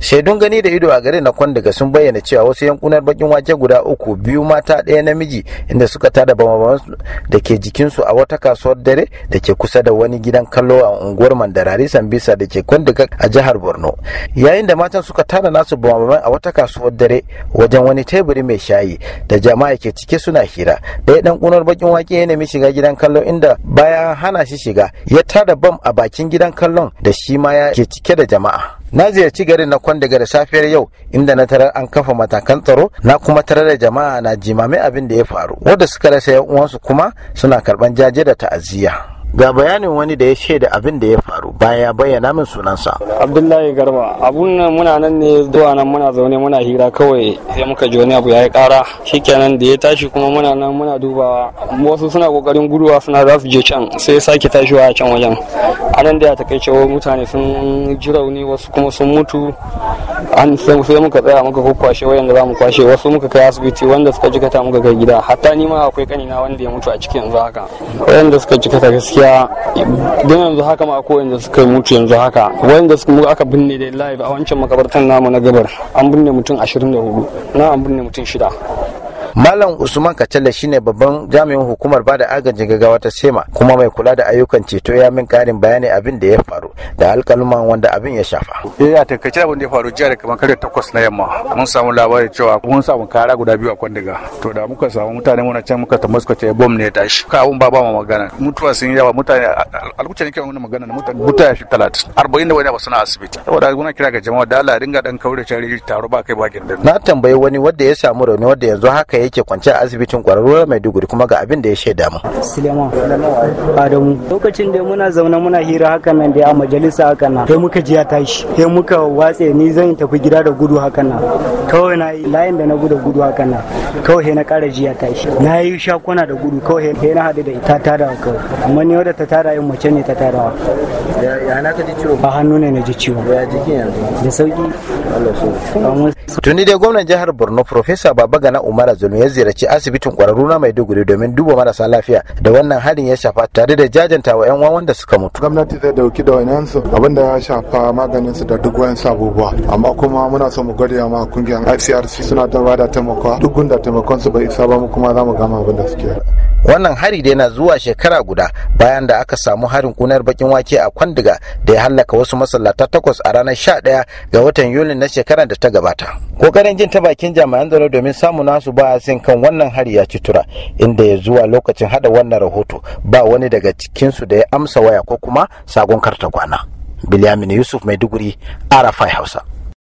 shaidun gani da ido a garin na kwandaga sun bayyana cewa wasu yankunan bakin wake guda uku biyu mata ɗaya namiji inda suka tada bamaban da ke jikinsu a wata kasuwar dare da ke kusa da wani gidan kallo a unguwar mandarari sambisa da ke kwandaga a jihar borno yayin da matan suka tada nasu bamaban a wata kasuwar dare wajen wani teburi mai shayi da jama'a ke cike suna hira ɗaya ɗan kunar bakin wake ya nemi shiga gidan kallo inda bayan hana shi shiga ya tada bam a bakin gidan kallon da shi ma ya ke cike da jama'a na ziyarci garin na kwandaga da safiyar yau inda na tarar an kafa matakan tsaro na kuma tarar da jama'a na jimame abin da ya faru wanda suka rasa yan uwansu kuma suna karban jaje da ta'aziyya ga bayanin wani da ya shaida abin da ya faru bayan ya bayyana min sunansa. Abdullahi Garba abun nan muna nan ne zuwa nan muna zaune muna hira kawai sai muka ji wani abu yayi kara shikenan da ya tashi kuma muna nan muna dubawa wasu suna kokarin guduwa suna za su je can sai ya sake tashiwa a can wajen a nan da ya takaice mutane sun ji rauni wasu kuma sun mutu an sai muka tsaya muka kwashe wayan da za mu kwashe wasu muka kai asibiti wanda suka jikata muka kai gida hatta ni ma akwai kanina wanda ya mutu a cikin yanzu haka da suka jikata gaskiya don yanzu haka ma akwai wanda suka mutu yanzu haka wanda suka aka binne da live a wancan makabartan namu na gabar an binne mutum 24 na an binne mutum shida Malam Usman Kacalla shine babban jami'in hukumar bada agajin gaggawa ta SEMA kuma mai kula da ayyukan ceto ya min karin bayani abin da ya faru da alkaluman wanda abin ya shafa. Eh a takaice abin da ya faru jiya da kamar karfe takwas na yamma mun samu labarin cewa mun samu kara guda biyu a kwandiga to da muka samu mutane muna can muka tambaya ko ce bom ne ya tashi ka abun ba ba mu magana mutuwa sun yawa mutane alkuce ne kiran wannan magana mutane mutuwa shi 30 40 da wani ba suna asibiti saboda muna kira ga jama'a da Allah ringa dan kaure tare taro ba kai ba gindin. Na tambayi wani wanda ya samu rauni wanda yanzu haka haka yake kwance a asibitin mai duguri kuma ga abin da ya shaida mu suleiman adamu lokacin da muna zauna muna hira haka nan da a majalisa haka nan sai muka ji ya tashi sai muka watse ni zan tafi gida da gudu haka nan kawai na yi. layin da na gudu gudu haka nan kawai he na kara jiya ta shi na yi shakuna da gudu kawai he na haɗu da ita ta da kawai amma ni wadda ta tara yin mace ne ta tara ya na ka ji ciwo ba hannu ne na ji ciwo ya jiki yanzu da sauki tuni dai gwamnan jihar borno professor babagana umar zulmi ya ziyarci asibitin kwararru na maiduguri domin duba marasa lafiya da wannan harin ya shafa tare da jajanta wa yan wanda suka mutu gwamnati zai dauki da su. abinda ya shafa maganin su da duk wayan abubuwa amma kuma muna so mu gode ma kungiyar ICRC suna ta bada taimakawa duk gunda taimakon bai isa ba mu kuma za mu gama abin da suke wannan hari dai na zuwa shekara guda bayan da aka samu harin kunar bakin wake a kwandiga da ya hallaka wasu masallata takwas a ranar sha ɗaya ga watan yuli na shekarar da ta gabata kokarin jin ta bakin jami'an tsaro domin samu nasu ba sin kan wannan hari ya ci tura inda ya zuwa lokacin hada wannan rahoto ba wani daga cikinsu da ya amsa waya ko kuma sagon karta kwana biliyamin yusuf maiduguri arafai hausa